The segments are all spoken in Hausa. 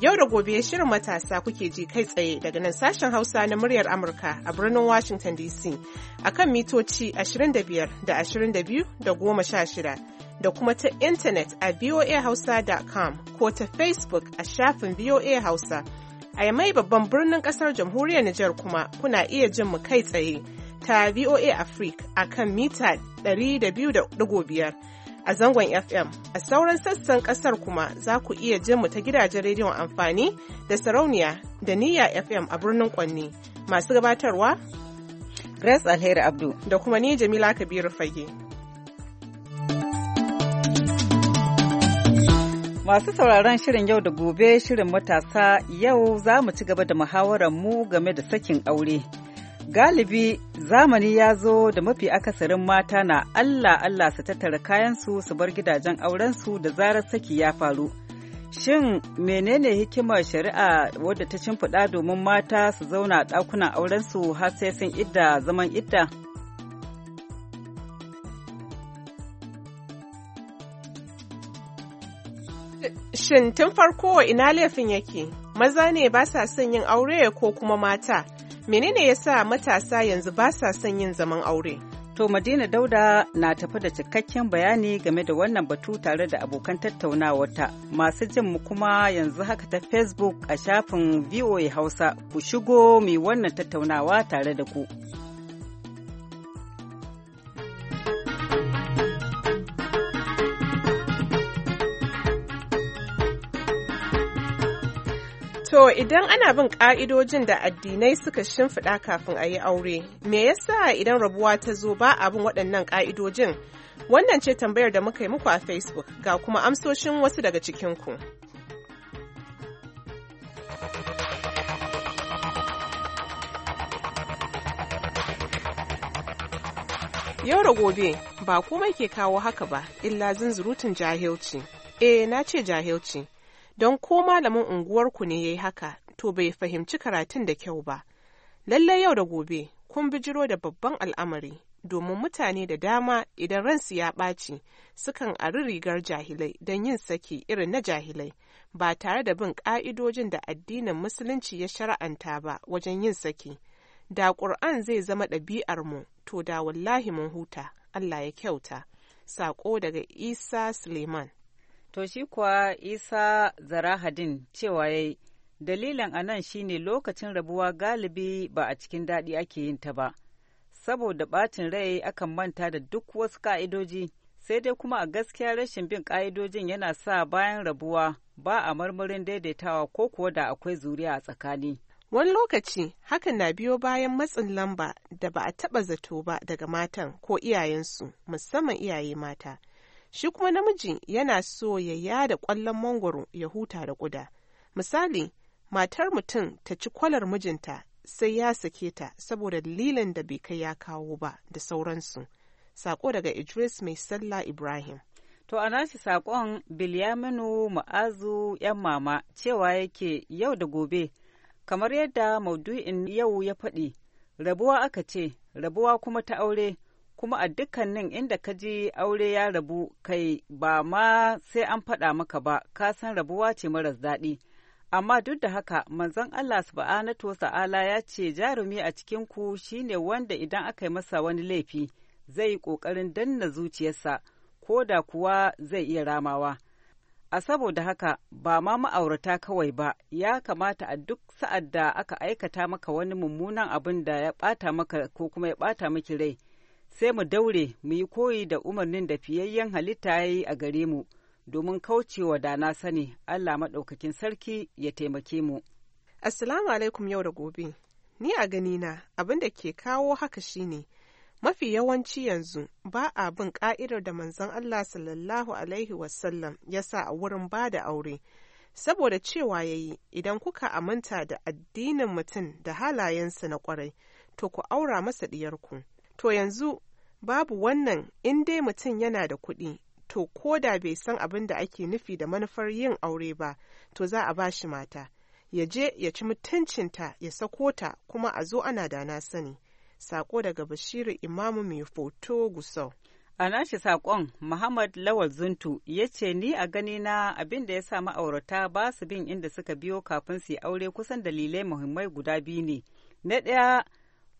Yau da gobe shirin matasa kuke ji kai tsaye daga nan sashen Hausa na muryar Amurka a birnin Washington DC a kan mitoci 25 da 22 da 16 da kuma ta intanet a voahausa.com ko ta Facebook a shafin VOA Hausa. A yamai babban birnin kasar jamhuriyar Nijar kuma kuna iya jin mu kai tsaye ta VOA Africa a kan mita 200.5 a zangon FM. A sauran sassan kasar kuma za ku iya jin mu ta gidajen rediyon amfani da sarauniya da niyya FM a birnin Kwanni. Masu gabatarwa? Grace Alheri Abdu. Da kuma ni Jamila Kabiru Fage. Masu sauraron shirin yau da gobe shirin matasa yau za mu ci gaba da muhawarar mu game da sakin aure. Galibi zamani ya zo da mafi akasarin mata na Allah Allah su tattara kayansu su bar gidajen aurensu da zarar saki ya faru. Shin menene hikimar shari'a wadda ta shimfiɗa domin mata su zauna a ɗakunan aurensu har sai sun idda zaman idda? Shin tun farko ina laifin yake? Maza ne ba sa son yin aure ko kuma mata? Menene ya sa matasa yanzu ba sa son yin zaman aure? To Madina Dauda na tafi da cikakken bayani game da wannan batu tare da abokan tattaunawarta. Masu jin mu kuma yanzu haka ta Facebook a shafin VOA Hausa ku shigo mai wannan tattaunawa tare da ku. To idan ana bin ƙa'idojin da addinai suka shimfiɗa kafin a yi aure, me yasa idan rabuwa ta zo ba abin waɗannan ƙa'idojin? Wannan ce tambayar da muka yi muku a Facebook ga kuma amsoshin wasu daga cikinku. Yau da gobe ba komai ke kawo haka ba, illa zunzurutun jahilci. Eh na ce jahilci. don ko malamin unguwarku ne ya yi haka to bai fahimci karatun da kyau ba lallai yau da gobe kun bijiro da babban al'amari domin mutane da dama idan ransu ya ɓaci sukan ari rigar jahilai don yin saki irin na jahilai ba tare da bin ƙa'idojin da addinin musulunci ya shara'anta ba wajen yin saki da ƙur'an zai zama ɗabi'armu to da wallahi mun huta allah ya kyauta saƙo daga isa suleiman To shi kuwa Isa Zarahadin cewa ya yi, dalilin a nan shi lokacin rabuwa galibi ba a cikin daɗi ake yin ta ba, saboda ɓacin rai akan manta da duk wasu ƙa'idoji, sai dai kuma a gaskiya rashin bin ƙa'idojin yana sa bayan rabuwa ba a marmarin daidaitawa ko kuwa da akwai zuriya a tsakani. Wani lokaci hakan na biyo bayan matsin lamba da ba a taɓa zato ba daga matan ko iyayensu musamman iyaye mata Shi kuma namiji yana so ya yada ƙwallon mangoro ya huta da ƙuda. Misali, matar mutum ta ci kwalar mijinta sai ya sake ta saboda dalilin da bai kai ya kawo ba da sauransu. Sako daga Idris mai sallah Ibrahim. To a nashi saƙon Bilyaminu Ma'azu 'yan mama cewa yake yau da gobe, kamar yadda maudu'in yau ya faɗi, rabuwa aka ce, rabuwa kuma ta aure, kuma a dukkanin inda ka je aure ya rabu kai ba ma sai an faɗa maka ba ka san rabuwa ce maras daɗi amma duk da haka manzon Allah subhanahu ta'ala ya ce jarumi a cikin ku shine wanda idan aka yi masa wani laifi zai yi ƙoƙarin danna zuciyarsa ko da kuwa zai iya ramawa a saboda haka ba ma ma'aurata kawai ba ya kamata a duk sa'ad da aka aikata maka wani mummunan abin da ya ɓata maka ko kuma ya ɓata miki rai sai mu daure mu yi koyi da umarnin da fiyayyen halitta ya yi a gare mu domin kaucewa da na sani Allah maɗaukakin sarki ya taimake mu. Assalamu alaikum yau da gobe. Ni a ganina abin da ke kawo haka shine mafi yawanci yanzu ba a bin ka'idar da manzon Allah sallallahu alaihi wasallam ya sa a wurin ba da aure. Saboda cewa ya yi idan kuka aminta da addinin mutum da halayensa na kwarai, to ku aura masa ɗiyarku. To yanzu babu wannan in dai mutum yana da kuɗi to ko da bai san abin da ake nufi da manufar yin aure ba to za a bashi mata ya je ya ci mutuncinta ya sako ta kuma a zo ana da na sani sako daga bashiru imamu mai foto gusau a nashi sakon muhammad lawal zuntu ya ce ni a gani na abin da ya sa ma'aurata ba su bin inda suka biyo kafin su yi aure kusan dalilai muhimmai guda biyu ne na ɗaya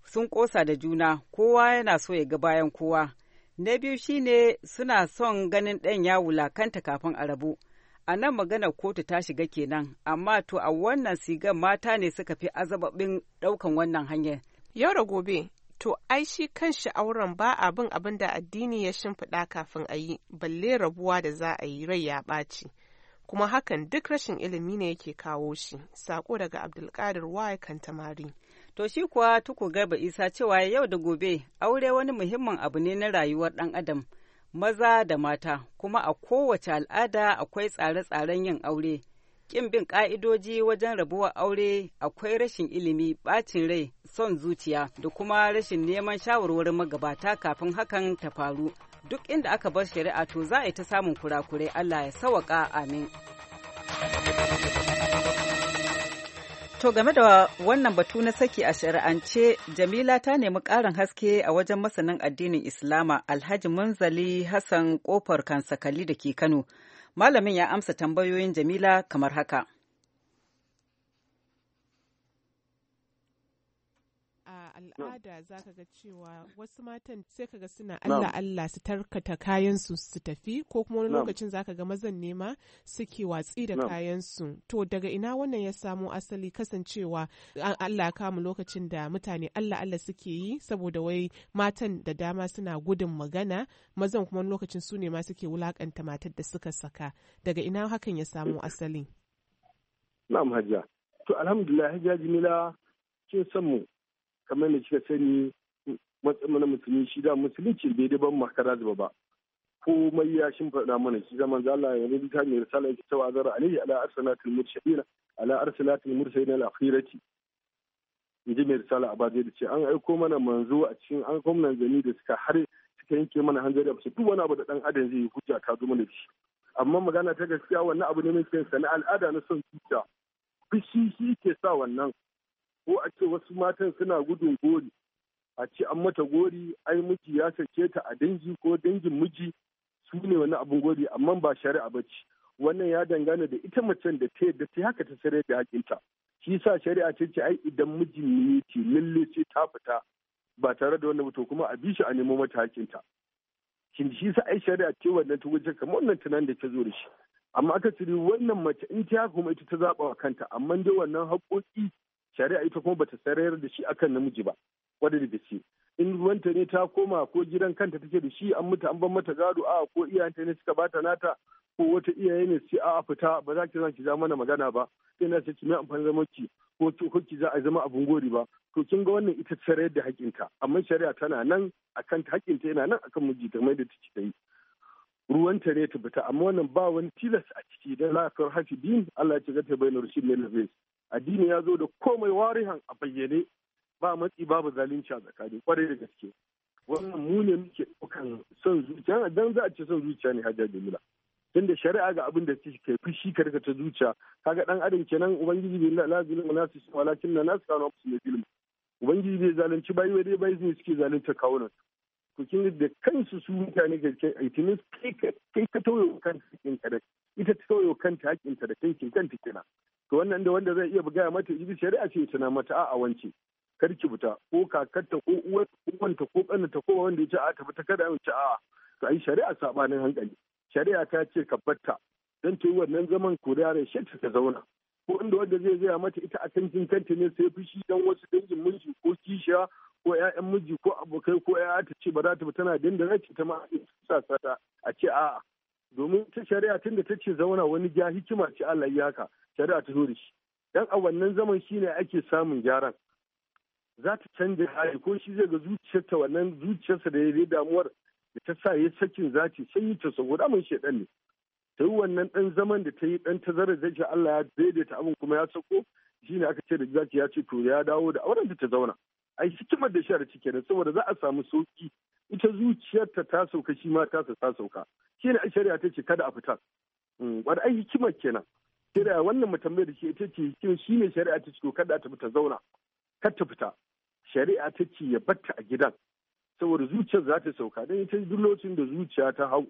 sun ƙosa da juna kowa yana so ya ga bayan kowa na biyu shine suna son ganin ɗan ya wulakanta kafin a rabu a nan maganar kotu ta shiga kenan amma to a wannan sigar mata ne suka fi azababin ɗaukan wannan hanyar yau da gobe to ai shi kanshi auren ba abin abin da addini ya shimfiɗa kafin a yi balle rabuwa da za a yi rai ya ɓaci kuma hakan duk rashin ilimi ne yake kawo shi sako daga abdulkadir wa kantamari To shi kuwa tuku garba isa cewa yau da gobe aure wani muhimmin abu ne na rayuwar ɗan adam maza da mata kuma a kowace al'ada akwai tsare-tsaren yin aure. Ƙin bin ƙa'idoji wajen rabuwar aure akwai rashin ilimi, ɓacin rai, son zuciya da kuma rashin neman shawarwarin magabata kafin hakan ta faru. Duk inda aka bar shari'a to za a yi ta samun kurakurai Allah ya sawaka amin. To game da wannan batu na saki a shari'ance, Jamila ta nemi ƙarin haske a wajen masanin addinin Islama Alhaji Munzali Hassan Kofar Kansakali da ke Kano. Malamin ya amsa tambayoyin Jamila kamar haka. al'ada za ka ga cewa wasu matan sai ka ga suna Allah Allah su tarkata kayan su su tafi ko kuma wani lokacin za ka ga mazan nema suke watsi da kayan su to daga ina wannan ya samo asali kasancewa Allah kamu lokacin da mutane Allah Allah suke yi saboda wai matan da dama suna gudun magana mazan kuma wani lokacin su ne ma suke wulakanta matar da suka saka daga ina hakan ya samo asali na'am hajiya to alhamdulillah hajiya jimila kin san mu kamar da kika sani matsamin musulmi shi da musulunci bai da ban makara zuba ba ko mai ya faɗa mana shi zaman zala ya rubuta mai risala yake cewa zara alayhi ala arsalatul mursalina ala arsalatul mursalina al akhirati inji mai risala a da ce an aiko mana manzo a cikin an kuma nan zani da suka har suka yanke mana hanzari abu duk wani abu da dan adam zai yi hujja ta zo mana da shi amma magana ta gaskiya wannan abu ne mai cikin al'ada na son zuciya bishi shi ke sa wannan ko a ce wasu matan suna gudun gori a ce an mata gori ai miji ya sake ta a dangi ko dangin miji su ne wani abun gori amma ba shari'a ba ce wannan ya dangana da ita macen da ta yadda ta haka ta sare da hakinta shi sa shari'a ce ce ai idan mijin ne ce lalle ce ta fita ba tare da wannan ba kuma a bi shi a nemo mata hakinta kin shi sa ai shari'a ce wannan ta wuce kamar wannan tunan da ta zo da shi amma aka ciri wannan mace in ta kuma ita ta zaba wa kanta amma dai wannan haƙoƙi shari'a ita kuma bata sarayar da shi akan namiji ba wadda da ce in ruwanta ne ta koma ko gidan kanta take da shi an mutu an ban mata gado a ko iyayenta ne suka bata nata ko wata iyaye ne sai a fita ba za ki zan ki za mana magana ba sai na ce mai amfani zama ki ko ki za a zama abun gori ba to kin ga wannan ita sarayar da hakinta amma shari'a tana nan akan hakinta yana nan akan miji ta mai da take ta yi ruwanta ne ta fita amma wannan ba wani tilas a ciki dan lafiyar hafi din Allah ya ci gata bainar shi ne addini ya zo da komai warihan a bayyane ba matsi babu zalunci a tsakani kwarai da gaske wannan mu ne muke ɗaukan son zuciya dan za a ce son zuciya ne hajjar jamila tunda shari'a ga abin da ke fushi karka ta zuciya kaga dan adam kenan ubangiji bai na zulma wala walakin na nasu kawo musu ne zulma ubangiji bai zalunci bai wai dai bai ne suke zalunta kawunan ku kin da kansu su mutane gaske aitinis kai ka tauye kanta su ka da ita ta tauye kanta hakkin ta da kankin kanta kenan to wannan da wanda zai iya buga mata ita shari'a ce tana mata a'a wance kar ki fita ko kakarta ko uwanta ko ta ko wanda ya ce a tafi ta kada mace a'a to ai shari'a sabanin hankali shari'a ta ce ka batta dan ta yi wannan zaman ko da yare shi ta zauna ko inda wanda zai zaya mata ita a kan kanta ne sai fushi dan wasu dangin miji ko kishiya ko ƴaƴan miji ko abokai ko ƴaƴa ta ce ba za ta fita na dinda ce ta ma sa sata a ce a'a domin ta shari'a tunda ta ce zauna wani ja hikima ce Allah ya haka shari'a ta zo shi dan a wannan zaman shine ake samun gyaran za ta canja hali ko shi zai ga zuciyarta wannan zuciyarsa da ya damuwar da ta sa ya sakin zati sai yi ta sabo da mun shedan ne ta wannan dan zaman da ta yi dan tazarar zai shi Allah ya daidaita abin kuma ya sako shine aka ce da zaki ya ce to ya dawo da auren da ta zauna ai hikimar da shara cike da saboda za a samu sauki ita zuciyarta ta sauka shi ma ta sauka sauka shine a shari'a ta ce kada a fita hmm, wani ai hikimar kenan shari'a wannan mu tambayar da shi ita ce shi ne shari'a ta ce to kada ta fita zauna kar ta fita shari'a ta ce ya batta a gidan saboda zuciyar za ta sauka dan ita duk lokacin da zuciya ta hau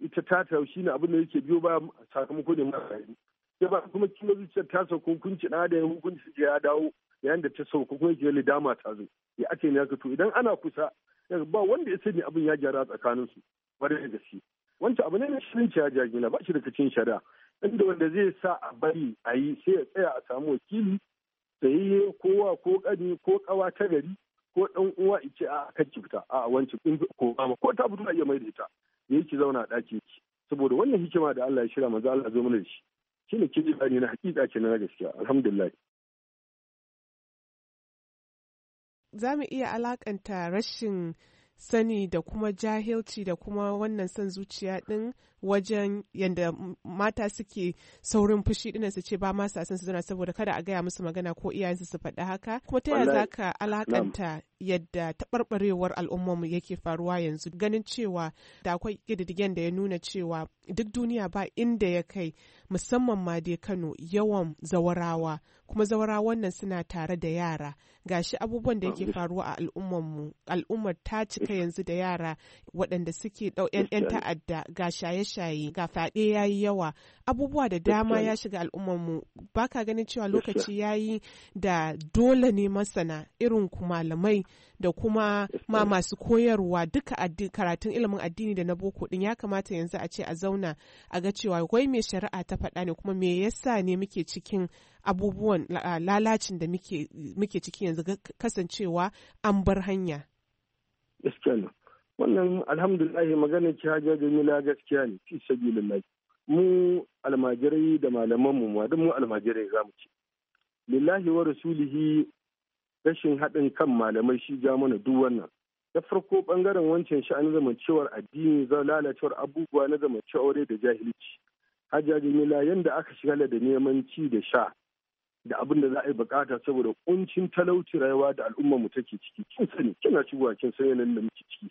ita ta ta shi ne abin da yake biyo ba sakamako ne ma rayu ya ba kuma kin zuciyar ta sauka hukunci na da hukunci ya dawo yayin da ta sauka kuma yake dama ta zo ya ake ne to idan ana kusa ba wanda ya sani abin ya gyara su bare da gaske wancan abu ne na shirin ya jagina ba shi da kacin shari'a inda wanda zai sa a bari a yi sai ya tsaya a samu wakili yi kowa ko ƙani ko ƙawa ta gari ko ɗan uwa ice a kan fita a wancan in ko ko ta fito a iya mai da ita ya ki zauna a ɗakin ki saboda wannan hikima da Allah ya shirya maza Allah zo mana da shi shine kin ji na hakika ce na gaskiya alhamdulillah za mu iya alakanta rashin sani da kuma jahilci da kuma wannan son zuciya ɗin wajen yadda mata suke saurin fushi dinan su ce ba ma sa su zauna saboda kada a gaya musu magana ko iyayensu su faɗi haka kuma ta yaya zaka alakanta yadda taɓarɓarewar mu yake faruwa yanzu ganin cewa da akwai ƙididdigen da ya nuna cewa duk duniya ba inda ya kai musamman ma dai Kano yawan zawarawa kuma zawarawan nan suna tare da yara gashi abubuwan da yake faruwa a mu al'ummar ta cika yanzu da yara waɗanda suke ɗau 'yan ta'adda ga shaye shaye-shaye ga fyaɗe ya yi yawa abubuwa da dama ya shiga al'ummarmu ba ka ganin cewa lokaci ya yi da dole ne masana irin ku malamai da kuma ma masu koyarwa duka karatun ilimin addini da na boko din ya kamata yanzu a ce a zauna a ga cewa wai me shari'a ta faɗa ne kuma me yasa ne muke cikin abubuwan lalacin da muke ciki yanzu kasancewa an bar hanya. wannan alhamdulillah magana ki hajiya jamila gaskiya ne fi sabilillah mu almajirai da malaman mu ma mu almajirai zamu ce lillahi wa rasulihi rashin haɗin kan malamai shi ja mana duk wannan da farko ɓangaren wancan sha'anin zamancewar addini za lalacewar abubuwa na aure da jahilci hajiya jamila yanda aka shiga da neman ci da sha da abin da za a yi bukata saboda kuncin talauci rayuwa da al'ummar mu take ciki kin sani kina shigowa kin san yanayin da muke ciki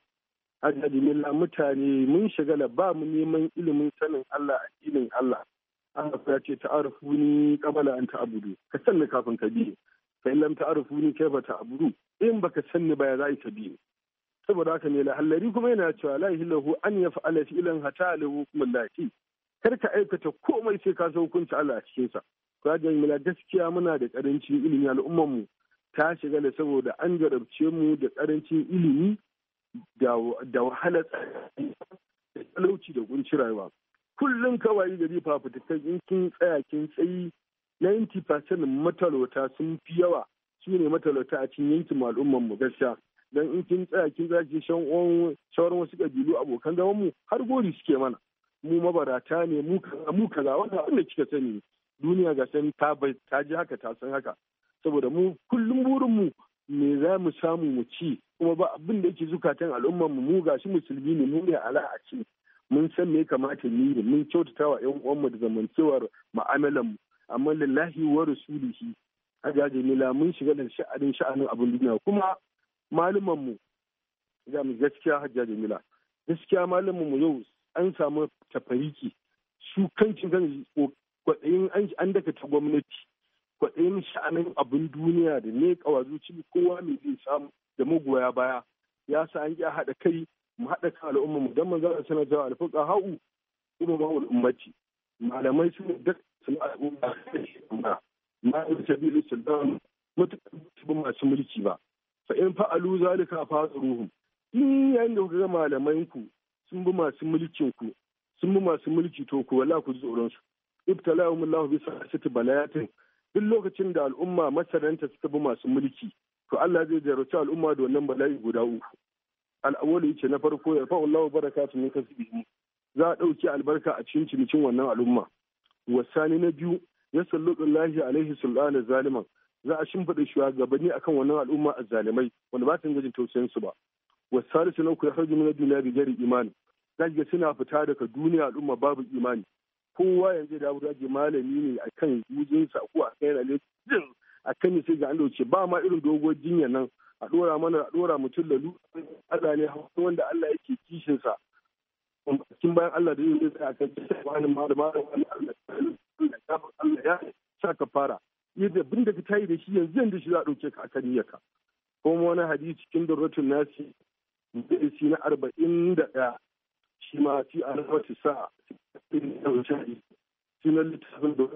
hajjaji mutane mun shiga da ba mu neman ilimin sanin Allah a ilin Allah Allah ya ce arufu ni kabala an abudu. ka sanni kafin ka bi fa illam arufu ni ta abudu. in baka sanni ba ya za ka bi saboda haka ne lahallari kuma yana cewa la ilaha an yaf'ala ilan hata lahu kuma laki. kar ka aikata komai sai ka san hukunci Allah a cikin sa hajjaji milla gaskiya muna da karancin ilimi al'ummar mu ta shiga da saboda an jarabce mu da karancin ilimi da wahalar talauci da kunci rayuwa kullum kawai gari fafutukan in kin tsaya kin tsayi 90% matalauta sun fi yawa su ne matalauta a cikin yankin al'umman mu gaskiya dan in kin tsaya kin ki shan shawarar wasu kabilu abokan zaman mu har gori suke mana mu mabarata ne mu kaza wanda wanda kika sani duniya ga sani ta ta ji haka ta san haka saboda mu kullum burin mu me za mu samu mu ci kuma ba abin da yake zukatan al'ummar mu mu gashi musulmi ne mu ne a ce mun san me kamata mu yi mun kyautata wa ƴan uwanmu da zamantewar mu'amalan mu amma lillahi wa rasulihi hajaji la mun shiga da sha'anin sha'anin abin duniya kuma malaman mu ga mu gaskiya hajja jamila gaskiya malaman mu yau an samu tafariki su kancin kan kwadayin an daka gwamnati kwaɗayin sha'anin abin duniya da ne zuci kowa mai zai samu da magoya baya ya sa an ya haɗa kai mu haɗa kan al'umma mu dan manzo sana ta alfuqa ha'u kuma ba ummati malamai su da sun al'umma kuma ma sabilu sultan mutum ba masu mulki ba fa in fa'alu zalika fa ruhum in yayin da kuka ga malamai ku sun bi masu mulkin ku sun bi masu mulki to ku wala ku ji tsoron su ibtalahum Allah bi sa'ati balayatin duk lokacin da al'umma masaranta suka bi masu mulki to Allah zai jarrace al'umma da wannan bala'i guda uku al'awali ce na farko ya fa Allahu barakatu min kasbihi za a ɗauki albarka a cikin cinikin wannan al'umma wasani na biyu ya sallallahu alaihi sulana zaliman za a shimfiɗa shugabanni akan wannan al'umma a zalimai wanda ba ta gajin tausayin su ba wasalisu na uku ya harjumi na duniya bi gari imani za suna fita daga duniya al'umma babu imani kowa yanzu da abu ake malami ne a kan jujinsa ko a kan yana jin a kan sai ga an dauke ba ma irin doguwar jinya nan a dora mana a dora mutum da Allah ne wanda Allah yake kishin sa cikin bayan Allah da yin sai a kan wani malama Allah ya sa ka fara yadda bin da ka yi da shi yanzu yanzu shi za a dauke ka kan yaka kuma wani hadisi cikin durratul nasi na arba'in da ɗaya shi ma fi alamati sa irin da wuce shi na littafin da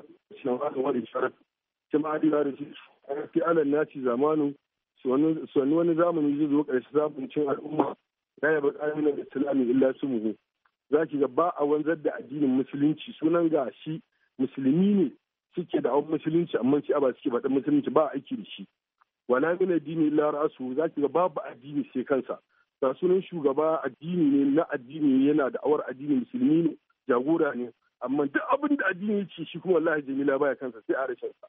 na wata wani sharar shi ma adila da shi fi alan ci zamanu sannu wani zamani zai zo ƙarshe zafin cin al'umma ya yaba ƙarfin da islami illa su muhu za ki ga ba a wanzar da addinin musulunci sunan ga shi musulmi ne suke da awon musulunci amma shi a ba suke faɗin musulunci ba a aiki da shi wala min addini illa ra'su za ki ga babu addini sai kansa ga sunan shugaba addini ne na addini yana da awar addini musulmi ne jagora ne amma duk abin da addini ce shi kuma wallahi jamila baya kansa sai a rashin sa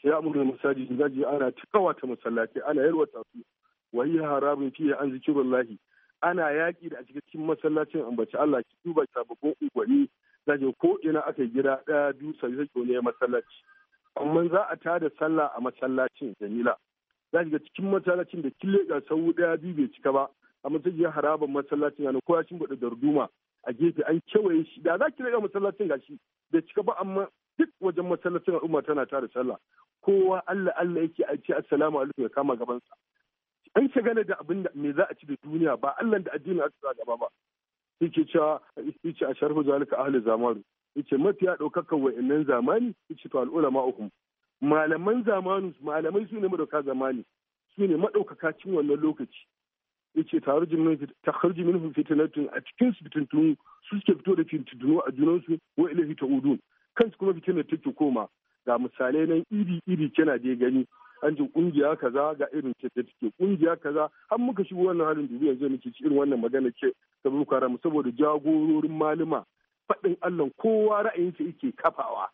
sai ya amurna da ji ana tikawa ta masallaci ana ta su wai harabin harabun fiye an zikirullahi ana yaƙi da a cikin masallacin ambaci Allah ki duba sababbin unguwanni zaje ko ina aka gira gida ɗaya biyu sai zai ne masallaci amma za a tada sallah a masallacin jamila za ga cikin masallacin da kille ga sau ɗaya biyu bai cika ba a masajiyar harabar masallacin yana kowa shin da darduma a gefe an kewaye shi da za ki rika masallacin gashi da cika ba amma duk wajen masallacin al'umma tana tara sallah kowa Allah Allah yake a ce assalamu alaikum ya kama gabansa an gane da abin da me za a ci da duniya ba Allah da addini a tsara gaba ba yake cewa yace a sharhu zalika ahli zamanu yace mafiya daukakan wa'annan zamani yace to al'ulama ukum malaman zamanu malamai su ne madaukaka zamani su ne madaukaka cin wannan lokaci yace taruji min takharuji minhum a cikin su fitintunu su suke fito da fitintunu a junansu wa ilahi udun kansu kuma fitinar take koma ga misalai nan iri iri kina je gani an ji kungiya kaza ga irin ce ta take kungiya kaza har muka shigo wannan halin dubi yanzu muke ci irin wannan magana ce saboda Boko mu saboda jagororin malama faɗin Allah kowa ra'ayin ra'ayinsa yake kafawa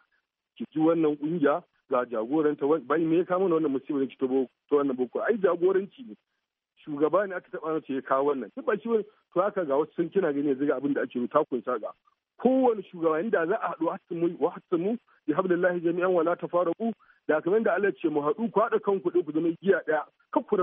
ki ji wannan kungiya ga jagoranta bai me ya kama wannan musibar ki ta wannan boko ai jagoranci ne shugaba ne aka taɓa nace ya kawo wannan duk ba shi wani to haka ga wasu sun kina gani yanzu ga abin da ake ta kun saka kowane shugaba inda za a haɗu hasimu wa hasimu bi hablillahi jami'an wala tafaraqu da kamar da Allah ce mu haɗu ku haɗa kanku ɗin ku zama giya ɗaya kar ku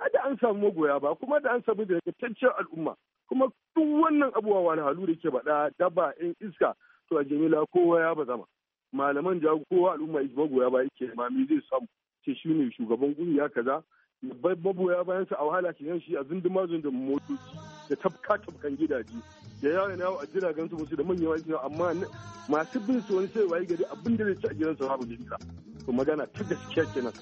a da an samu magoya ba kuma da an samu daidaitaccen al'umma kuma duk wannan abubuwa wani halu da ke baɗa daba in iska to a jamila kowa ya ba zama malaman jago kowa al'umma magoya ba yake ma me zai samu ce shi ne shugaban kungiya kaza magoya bayan su a wahala ke yan shi a zunduma da motoci da tafka tafkan gidaje da yawon yawo a jiragen su musu da manyan wajen amma masu bin su wani sai waye gari abin da zai ci a gidan su babu jinta to magana ta gaskiya kenan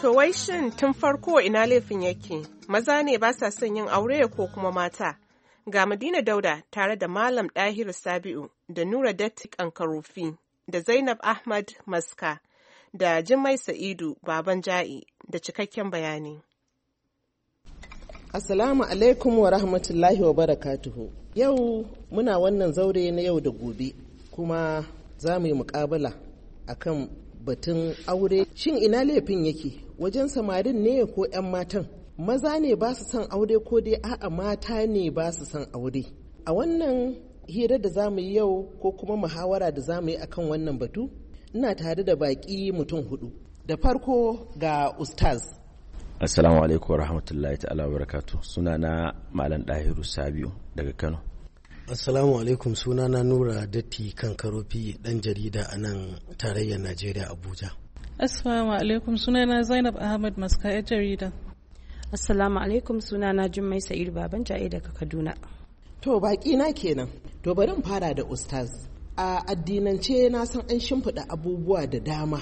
To wai shin tun farko ina laifin yake maza ne ba sa son yin aure ko kuma mata ga Madina Dauda tare da Malam Dahiru Sabi'u da Nura Dattik karofi da Zainab Ahmad Maska da Jummai Sa'idu Baban Ja'i da cikakken bayani. Assalamu alaikum wa rahmatullahi wa barakatuhu. Yau muna wannan zaure na yau da gobe kuma za mu yi mukabala kan batun aure. Shin ina laifin yake wajen samarin ne ko 'yan matan? Maza ne ba su son aure ko dai a'a mata ne ba su son aure. A wannan hira da za mu yi yau ko kuma muhawara da za mu yi akan wannan batu ina tare da baƙi mutum hudu da farko ga ustaz assalamu alaikum rahmatullahi ta'ala barakatu suna na malam dahiru sabiu daga kano assalamu alaikum suna na nura datti kan karofi dan jarida a nan tarayyar najeriya abuja assalamu alaikum suna na zainab ahmad maska yar jarida assalamu alaikum suna na jummai sa'id baban ja'i daga kaduna to baki na kenan to bari fara da ustaz a addinance na san an shimfiɗa abubuwa da dama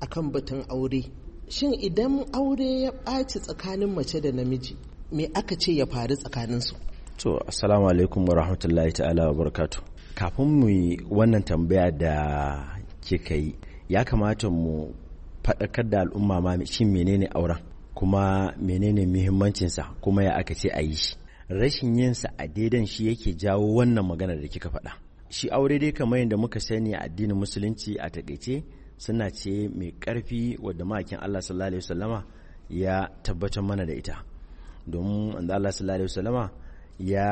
a kan batun aure shin idan aure ya ɓaci tsakanin mace da namiji me aka ce ya faru tsakaninsu to assalamu alaikum wa rahmatullahi ta'ala wa barakatu kafin mu wannan tambaya da kika yi ya kamata mu faɗakar da al'umma ma shin menene auren kuma menene muhimmancinsa kuma ya aka ce a yi shi rashin yinsa a daidan shi yake jawo wannan maganar da kika faɗa shi aure dai kamar yadda muka sani a addinin musulunci a takaice suna ce mai karfi wadda ma'aikin Allah sallallahu alaihi wasallama ya tabbatar mana da ita domin wanda Allah sallallahu alaihi wasallama ya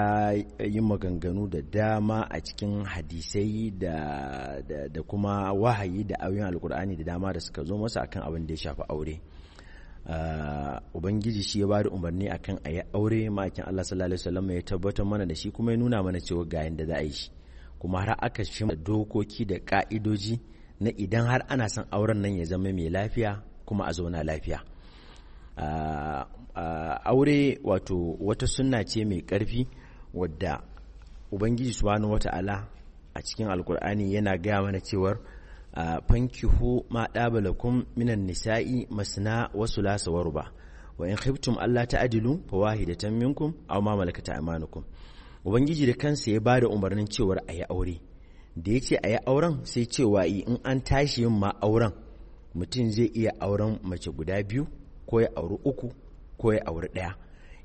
yi maganganu da dama a cikin hadisai da, kuma wahayi da ayoyin alkur'ani da dama da suka zo masa akan abin da ya shafi aure ah, ubangiji shi ya ba da umarni akan a yi aure ma'aikin Allah sallallahu alaihi ya tabbatar mana da shi kuma ya nuna mana cewa ga yadda za a yi shi kuma har aka shi dokoki da ka'idoji na idan har ana son auren nan ya zama mai lafiya kuma a zauna lafiya aure wato wata sunna ce mai ƙarfi wadda ubangiji subhanahu ala a cikin alkur'ani yana gaya mana cewar fankihu ma kun minan nisa'i masna wasu lasa ba wa in khiftum Allah ta'adilu fawahidatan minkum aw ma malakata amanukum ubangiji da kansa ya ba da umarnin cewar a yi aure da ya ce a yi auren sai cewa in an tashi yin ma auren mutum zai iya auren mace guda biyu ko ya auri uku ko ya auri ɗaya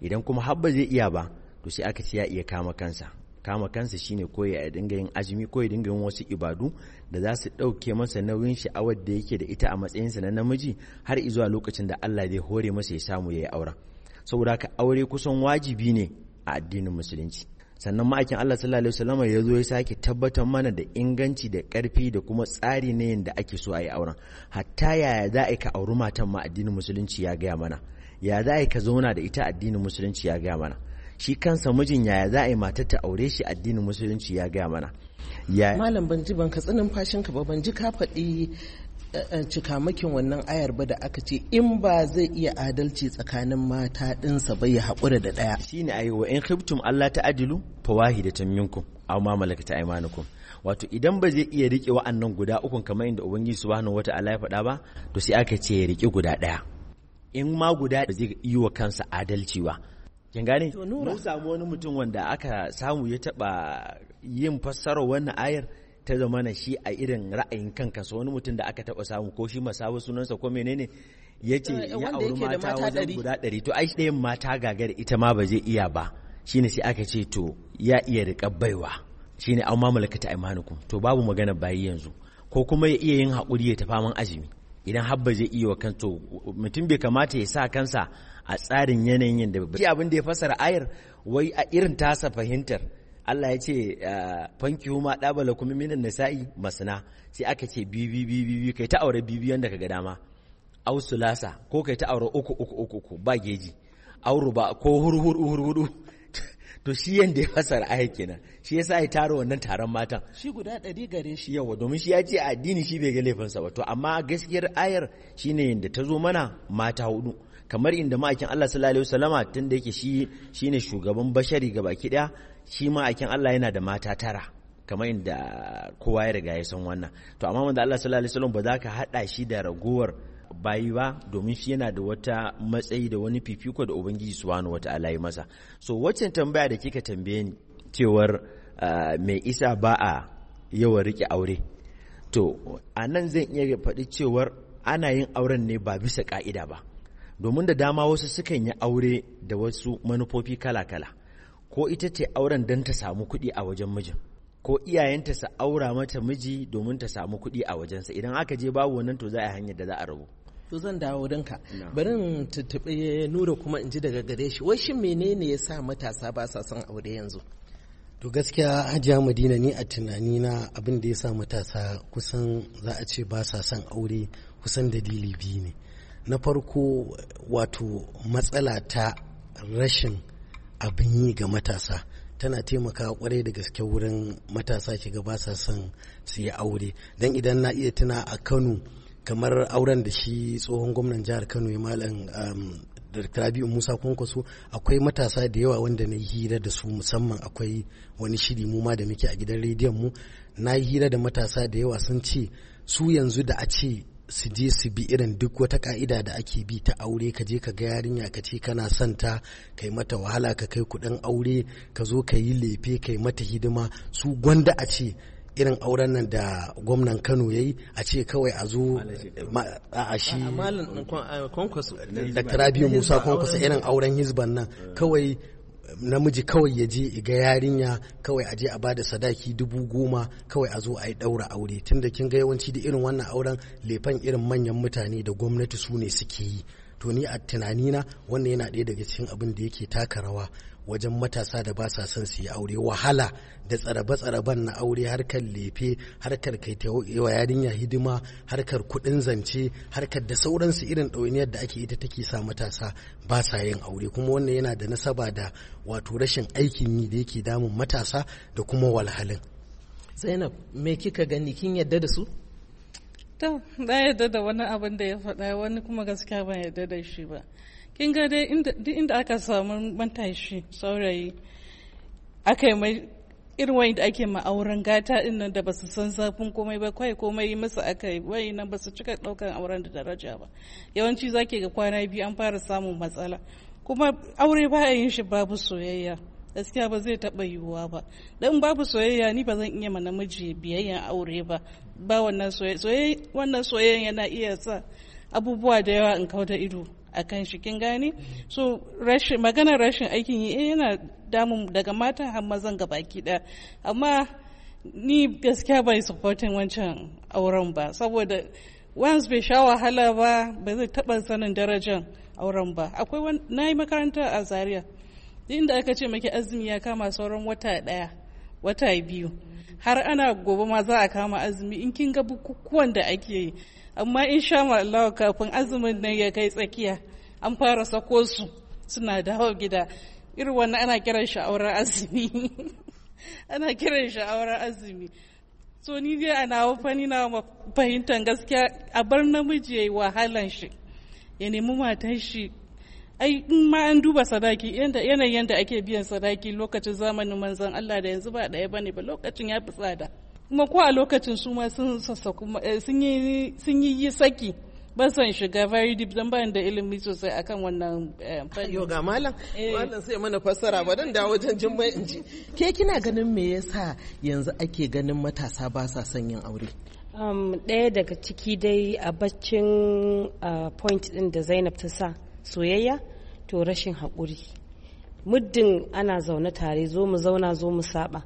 idan kuma habba zai iya ba to sai aka ce ya iya kama kansa kama kansa shine ko ya dinga yin azumi ko ya dinga yin wasu ibadu da za su ɗauke masa nauyin sha'awar da yake da ita a matsayinsa na namiji har zuwa lokacin da Allah zai hore masa ya samu ya yi auren saboda ka aure kusan wajibi ne a addinin musulunci sannan ma'aikin Allah sallallahu alaihi wasallam ya zo ya sake tabbatar mana da inganci da karfi da kuma tsari ne yadda ake so a yi auren hatta yaya za a yi ka auri matan ma addinin musulunci ya gaya mana ya za a yi ka zauna da ita addinin musulunci ya gaya mana shi kansa mijin yaya za a yi matar ta aure shi addinin musulunci ya gaya mana malam ban ji ban ka tsinin fashin ka ba ban ji ka faɗi cikamakin wannan ayar ba da aka ce in ba zai iya adalci tsakanin mata ɗinsa ba ya haƙura da ɗaya. Shi ne ayi wa in khiftum Allah ta adilu da minkum aw ma malakata aymanukum. Wato idan ba zai iya riƙe wa'annan guda ukun kamar inda Ubangiji subhanahu wata'ala ya faɗa ba to sai aka ce ya riƙe guda ɗaya. In ma guda ba zai yi wa kansa adalci ba. Kin gane? Mun samu wani mutum wanda aka samu ya taɓa yin fassarar wannan ayar ta zama na shi a irin ra'ayin kanka so wani mutum da aka taɓa samu ko shi masawu sunansa ko menene ya ce eh, ya auri mata wajen guda ɗari to ai ɗayan mata gagar ita ma ba zai iya ba shi ne sai aka ce to ya iya riƙa baiwa shi shine an mamalakata imanukum to babu magana bayi yanzu ko kuma ya iya yin haƙuri ya tafa man azumi idan habba zai iya wa kanto mutum bai kamata ya sa kansa a tsarin yanayin da abin da ya fasara ayar wai a irin tasa fahimtar Allah ya ce ah, fanki huma ɗabala kuma minan nisa'i masana sai aka ce bibi bibi kai ta aure bibi yanda ka ga dama au sulasa ko kai ta aure uku uku uku uku ba geji auru ba ko hurhuru hurhuru to shi yanda ya fasa aya kenan shi yasa ya tara wannan taron matan shi guda ɗari gare shi yawa domin shi ya ce addini shi bai ga laifinsa ba to amma gaskiyar ayar shine yanda ta zo mana mata hudu kamar inda ma'aikin Allah sallallahu alaihi wasallama tun da yake shi shine shugaban bashari ga baki daya shi ma'aikin Allah yana da mata tara kamar inda kowa ya riga ya san wannan to amma manzo Allah sallallahu alaihi wasallam ba za ka hada shi da ragowar bayi ba domin shi yana da wata matsayi da wani fifiko da ubangiji subhanahu wataala ya masa so waccan tambaya da kika tambaye ni cewar ah, mai isa ba a yawan rike aure to a nan zan iya faɗi cewar ana yin auren ne ba bisa ka'ida ba domin da dama wasu sukan yi aure da wasu manufofi kala-kala ko ita ce auren don ta samu kuɗi a wajen mijin ko iyayenta su aura mata miji domin ta samu kuɗi a wajensa idan aka je babu wannan to za a hanyar da za a rabu to zan dawo danka bari in tuntuɓe nura kuma in ji daga gare shi wai shin menene ya sa matasa ba sa son aure yanzu to gaskiya hajiya madina ni a tunani na abin da ya sa matasa kusan za a ce ba sa son aure kusan dalili biyu ne na farko wato matsala ta rashin abin yi ga matasa tana taimakawa kwarai da gaske wurin matasa shiga ba sa son su yi aure don idan na iya tuna a kano kamar auren da shi tsohon gwamnan jihar kano ya malam um, da rabi'u musa kwankwaso akwai matasa da yawa wanda na yi hira da su musamman akwai wani shiri mu ma da muke a gidan rediyon mu na yi hira da matasa da yawa sun ce su yanzu da a ce su je su bi irin duk wata ka'ida da ake bi ta aure ka je ka ga yarinya ka ce kana son ta kai mata wahala ka kai kudin aure ka zo ka yi lefe kai mata hidima su gwanda a ce irin auren nan da gwamnan kano ya yi a ce kawai a zo a shi dr musa kwankwasa irin auren hizban nan kawai namiji kawai ya je ga yarinya kawai a je a bada sadaki dubu goma kawai a zo a yi daura aure tunda kin ga yawanci da irin wannan auren lefan irin manyan mutane da gwamnati su ne suke yi to ni a tunanina wannan yana ɗaya daga cikin abin da yake taka rawa wajen matasa da ba sa son su yi aure wahala da tsarabe-tsaraben na aure harkar lefe harkar kai ta wa yarinya hidima harkar kudin zance harkar da sauransu irin ɗauniyar da ake ita take sa matasa ba sa yin aure kuma wannan yana da nasaba da wato rashin aikin yi da yake damun matasa da kuma walhalin zainab me kika gani kin yadda da su to na yadda da wani abin da ya faɗa wani kuma gaskiya ba yadda da shi ba kin ga dai duk inda aka samu matashi saurayi aka yi mai irin wani da ake ma'auren gata din nan da basu san zafin komai ba kai komai musu aka yi wai nan basu cika ɗaukan auren da daraja ba yawanci zake ga kwana biyu an fara samun matsala kuma aure ba yin shi babu soyayya gaskiya ba zai taɓa yiwuwa ba dan babu soyayya ni ba zan iya ma namiji biyayyan aure ba ba wannan soyayya wannan yana iya sa abubuwa da yawa in kauda ido a kan shi kin gane so rashin maganar rashin aikin yi eh, yana damu daga matan har mazan ga baki da amma ni gaskiya bai supporting wancan auren ba saboda once bai sha wahala ba ba zai taba sanin darajar auren ba akwai na yi makaranta a zaria inda aka ce maki azumi ya kama sauran wata daya wata biyu har ana gobe ma za a kama azumi in kin ga bukukuwan da ake yi amma in sha Allah kafin azumin nan ya kai tsakiya an fara sako su suna dawo gida irin wannan ana kiran shi auren azumi ana kiran shi auren azumi so ni dai a na fahimtar gaskiya a bar namiji yayi wahalan shi ya nemi matan shi ai in ma an duba sadaki yanayin yadda ake biyan sadaki lokacin zamanin manzon Allah da yanzu ba ɗaya bane ba lokacin ya fi tsada kuma ko a lokacin su ma sun eh, sun yi saki ban san shiga very deep zan bayan da ilimi sosai akan wannan eh, fanni. Yo ga malam, eh. malam sai mana fassara ba dan dawo wajen jin in ji. Ke kina ganin me yasa yanzu ake ganin matasa ba sa son yin aure? Um, ɗaya daga ciki dai a baccin uh, point ɗin da Zainab ta sa soyayya to rashin haƙuri muddin ana zaune tare zo mu zauna zo mu saba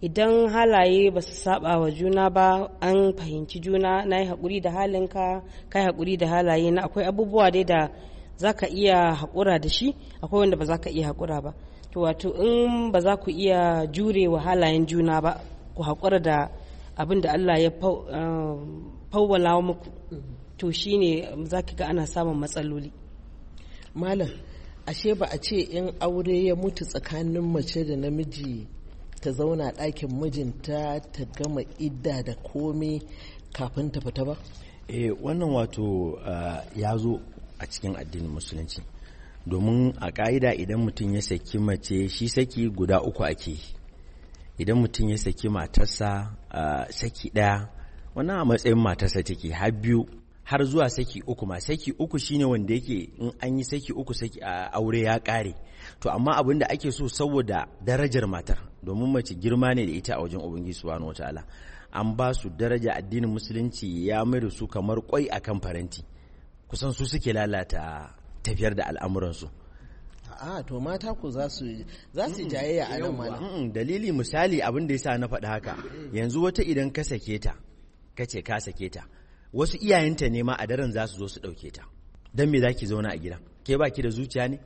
idan halaye ba su saba wa juna ba an fahimci juna na yi haƙuri da halinka kai haƙuri da halaye na akwai abubuwa dai da za ka iya haƙura da shi akwai wanda ba za ka iya haƙura ba to wato in ba za ku iya jure wa halayen juna ba ku haƙura da abin da Allah ya um, fawwala muku mm-hmm. to shine za ki ga ana samun matsaloli malam ashe ba a ce in aure ya mutu tsakanin mace da namiji ta zauna ɗakin mijinta ta gama idda da komai kafin ta fita ba? eh wannan wato ah, ya zo a cikin addinin musulunci domin a ƙa'ida idan mutum ya saki mace shi saki guda uku ake idan mutum ya saki matarsa ah, saki ɗaya wannan a matsayin matarsa take har biyu har zuwa saki uku ma saki uku shine wanda yake in an yi saki uku saki a aure ya kare to amma abin da ake so saboda darajar matar domin mace girma ne da ita a wajen ubangiji subhanahu wataala an ba su daraja addinin musulunci ya mai su kamar kwai akan faranti kusan su suke lalata tafiyar da al'amuransu a to mata ku za su za su jayayya a nan malam dalili misali abin da yasa na faɗa haka yanzu wata idan ka sake ta ka ka sake ta wasu iyayenta ne ma a daren za su zo su ɗauke ta don me za ki zauna a gida ke ba ki da zuciya ne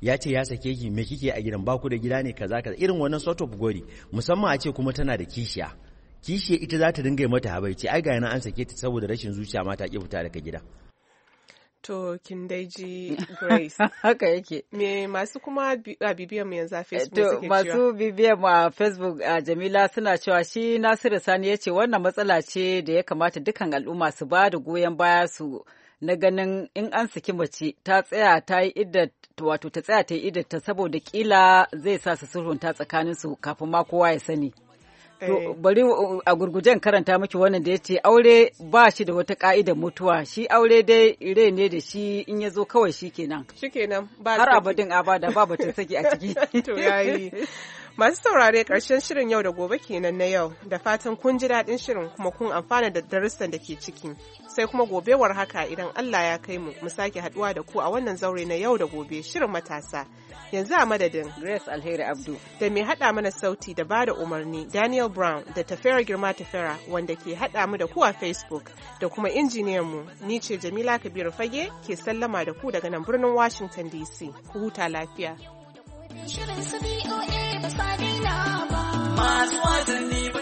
ya ce ya sake ki me kike a gidan ba ku da gida ne kaza kaza irin wannan sort of gori musamman a ce kuma tana da kishiya kishiya ita za ta dinga mata habaici ai ga yana an sake ta saboda rashin zuciya ma ta ki fita daga gida To kin dai ji Grace. Haka yake. Me masu kuma a bibiyar mu yanzu a eh, Facebook suke cewa. Masu bibiyar mu a Facebook a Jamila suna cewa shi Nasiru Sani ya ce wannan matsala ce da ya kamata dukkan al'umma su ba da goyon baya su na ganin in an saki mace ta tsaya ta yi idda wato ta tsaya ta yi idda ta saboda kila zai sa su sulhunta tsakaninsu kafin ma kowa ya sani. Eh. bari uh, a gurgujen karanta miki wannan da ya ce aure ba shi da wata ka'idar mutuwa shi aure dai ire ne da shi in ya zo kawai shi kenan. Shi kenan ba har abadin abada ba batun saki a ciki. To yayi. Masu saurare ƙarshen shirin yau da gobe kenan na yau da fatan kun ji daɗin shirin kuma kun amfana da darussan da ke ciki. Sai kuma gobewar haka idan Allah ya kai mu mu sake haɗuwa da ku a wannan zaure na yau da gobe shirin matasa. Yanzu a madadin Grace Alheri Abdu da mai haɗa mana sauti da bada umarni Daniel Brown da Tafera Girma Tafera wanda ke haɗa mu da ku a Facebook da kuma injiniyan mu ni ce Jamila Kabiru Fage ke sallama da ku daga nan birnin Washington DC. Ku huta lafiya. Shirin su BOA ba sa daina ba. Masu wasanni ba.